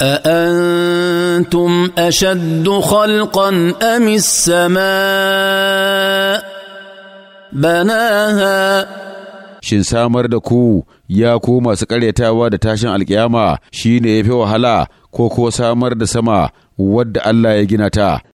أأنتم أشد خلقا أم السماء بناها Shin samar da ku ya ku masu ƙaryatawa da tashin alkiyama shi ne ya fi wahala ko ko samar da sama wadda Allah ya gina ta.